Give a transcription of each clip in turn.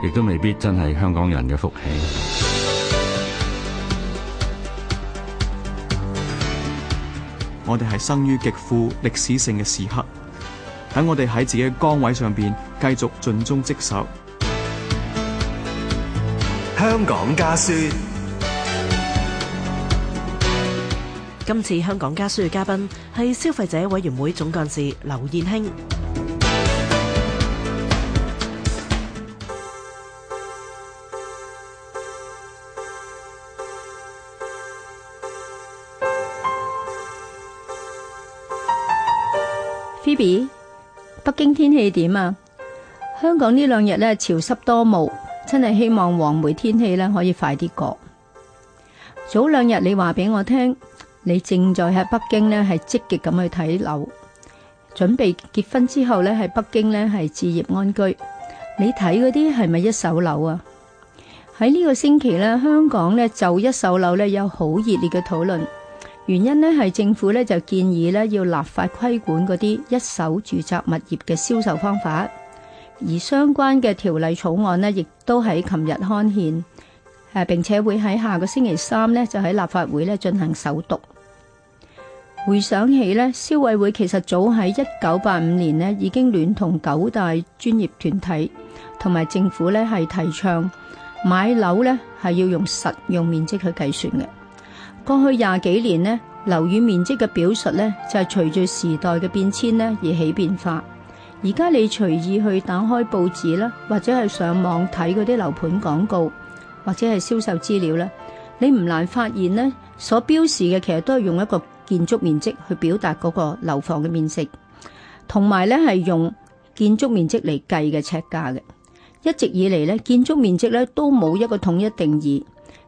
亦都未必真係香港人嘅福氣。我哋係生於極富歷史性嘅時刻，等我哋喺自己嘅崗位上邊繼續盡忠職守。香港家書。今次香港家書嘅嘉賓係消費者委員會總幹事劉燕卿。Baby，北京天氣點啊？香港呢兩日咧，潮濕多霧，真係希望黃梅天氣咧可以快啲過。早兩日你話俾我聽，你正在喺北京咧係積極咁去睇樓，準備結婚之後咧喺北京咧係置業安居。你睇嗰啲係咪一手樓啊？喺呢個星期咧，香港咧就一手樓咧有好熱烈嘅討論。原因呢，係政府呢就建議呢要立法規管嗰啲一手住宅物業嘅銷售方法，而相關嘅條例草案呢亦都喺琴日刊憲，誒並且會喺下個星期三呢就喺立法會呢進行首讀。回想起呢消委會其實早喺一九八五年呢已經聯同九大專業團體同埋政府呢，係提倡買樓呢，係要用實用面積去計算嘅。過去廿幾年呢，樓宇面積嘅表述咧就係隨住時代嘅變遷咧而起變化。而家你隨意去打開報紙啦，或者係上網睇嗰啲樓盤廣告或者係銷售資料呢，你唔難發現咧所標示嘅其實都係用一個建築面積去表達嗰個樓房嘅面積，同埋咧係用建築面積嚟計嘅尺價嘅。一直以嚟咧，建築面積咧都冇一個統一定義。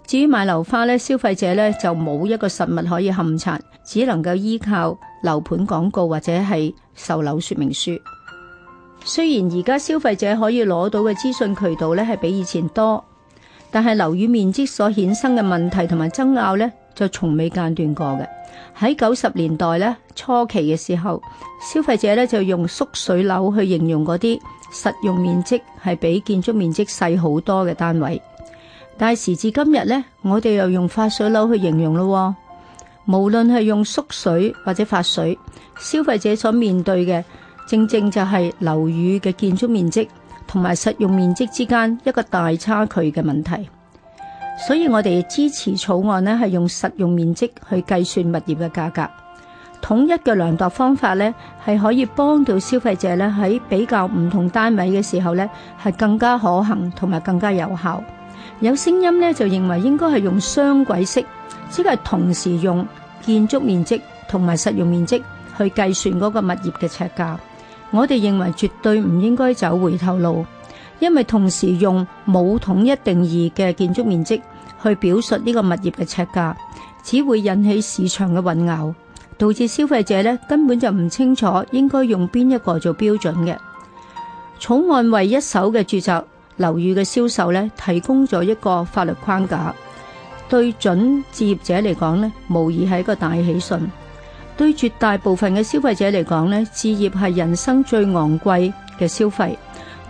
至於買樓花咧，消費者咧就冇一個實物可以勘察，只能夠依靠樓盤廣告或者係售樓說明書。雖然而家消費者可以攞到嘅資訊渠道咧係比以前多，但係樓宇面積所衍生嘅問題同埋爭拗咧就從未間斷過嘅。喺九十年代咧初期嘅時候，消費者咧就用縮水樓去形容嗰啲實用面積係比建築面積細好多嘅單位。但係時至今日呢，我哋又用發水樓去形容咯。無論係用縮水或者發水，消費者所面對嘅正正就係樓宇嘅建築面積同埋實用面積之間一個大差距嘅問題。所以我哋支持草案呢係用實用面積去計算物業嘅價格，統一嘅量度方法呢係可以幫到消費者呢喺比較唔同單位嘅時候呢係更加可行同埋更加有效。有聲音咧就認為應該係用雙軌式，即係同時用建築面積同埋實用面積去計算嗰個物業嘅尺價。我哋認為絕對唔應該走回頭路，因為同時用冇統一定義嘅建築面積去表述呢個物業嘅尺價，只會引起市場嘅混淆，導致消費者呢根本就唔清楚應該用邊一個做標準嘅草案，為一手嘅住宅樓宇嘅銷售咧，提供咗一個法律框架，對準置業者嚟講呢，無疑係一個大喜訊。對絕大部分嘅消費者嚟講呢，置業係人生最昂貴嘅消費。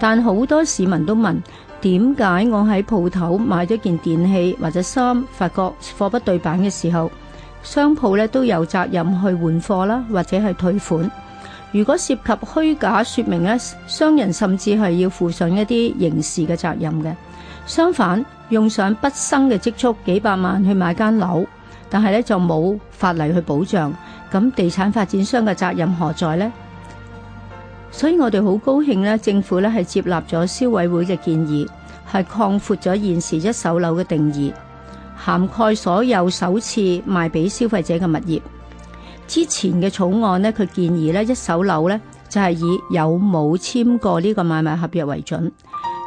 但好多市民都問：點解我喺鋪頭買咗件電器或者衫，發覺貨不對版嘅時候，商鋪咧都有責任去換貨啦，或者係退款？如果涉及虛假說明呢，商人甚至係要負上一啲刑事嘅責任嘅。相反，用上畢生嘅積蓄幾百萬去買間樓，但係呢就冇法例去保障，咁地產發展商嘅責任何在呢？所以我哋好高興呢，政府呢，係接納咗消委會嘅建議，係擴闊咗現時一手樓嘅定義，涵蓋所有首次賣俾消費者嘅物業。之前嘅草案呢，佢建議呢一手樓呢，就係以有冇簽過呢個買賣合約為準，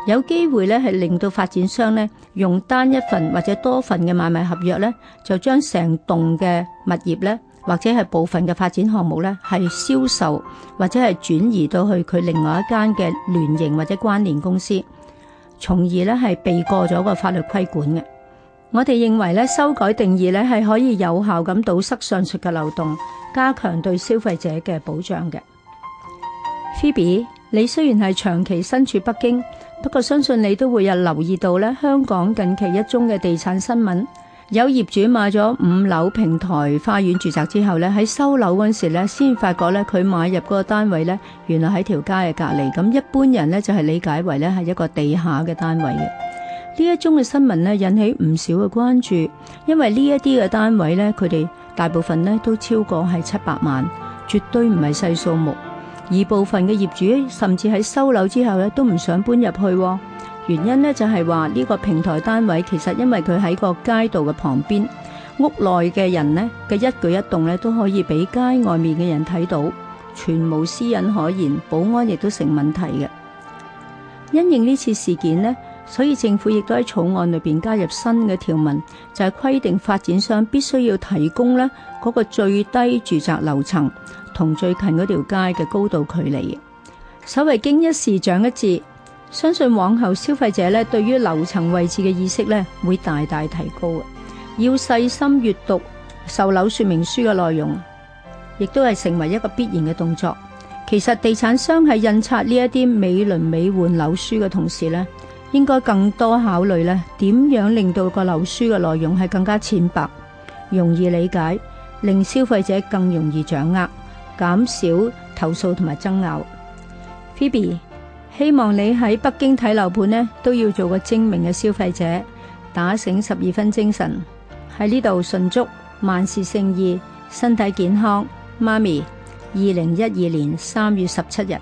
有機會呢，係令到發展商呢，用單一份或者多份嘅買賣合約呢，就將成棟嘅物業呢，或者係部分嘅發展項目呢，係銷售或者係轉移到去佢另外一間嘅聯營或者關聯公司，從而呢，係避過咗個法律規管嘅。我哋認為咧，修改定義咧，係可以有效咁堵塞上述嘅漏洞，加強對消費者嘅保障嘅。Phoebe，你雖然係長期身處北京，不過相信你都會有留意到咧，香港近期一宗嘅地產新聞，有業主買咗五樓平台花園住宅之後咧，喺收樓嗰時咧，先發覺咧，佢買入嗰個單位咧，原來喺條街嘅隔離。咁一般人咧就係理解為咧係一個地下嘅單位嘅。呢一宗嘅新聞咧，引起唔少嘅關注，因為呢一啲嘅單位咧，佢哋大部分咧都超過係七百萬，絕對唔係細數目。而部分嘅業主甚至喺收樓之後咧都唔想搬入去，原因咧就係話呢個平台單位其實因為佢喺個街道嘅旁邊，屋內嘅人咧嘅一舉一動咧都可以俾街外面嘅人睇到，全無私隱可言，保安亦都成問題嘅。因應呢次事件咧。所以政府亦都喺草案裏邊加入新嘅條文，就係、是、規定發展商必須要提供咧嗰個最低住宅樓層同最近嗰條街嘅高度距離，所謂經一事長一智，相信往後消費者咧對於樓層位置嘅意識咧會大大提高，要細心閱讀售樓說明書嘅內容，亦都係成為一個必然嘅動作。其實地產商喺印刷呢一啲美輪美奐樓書嘅同時咧。應該更多考慮咧，點樣令到個樓書嘅內容係更加淺白、容易理解，令消費者更容易掌握，減少投訴同埋爭拗。Phoebe，希望你喺北京睇樓盤呢都要做個精明嘅消費者，打醒十二分精神，喺呢度順祝萬事勝意、身體健康。媽咪，二零一二年三月十七日。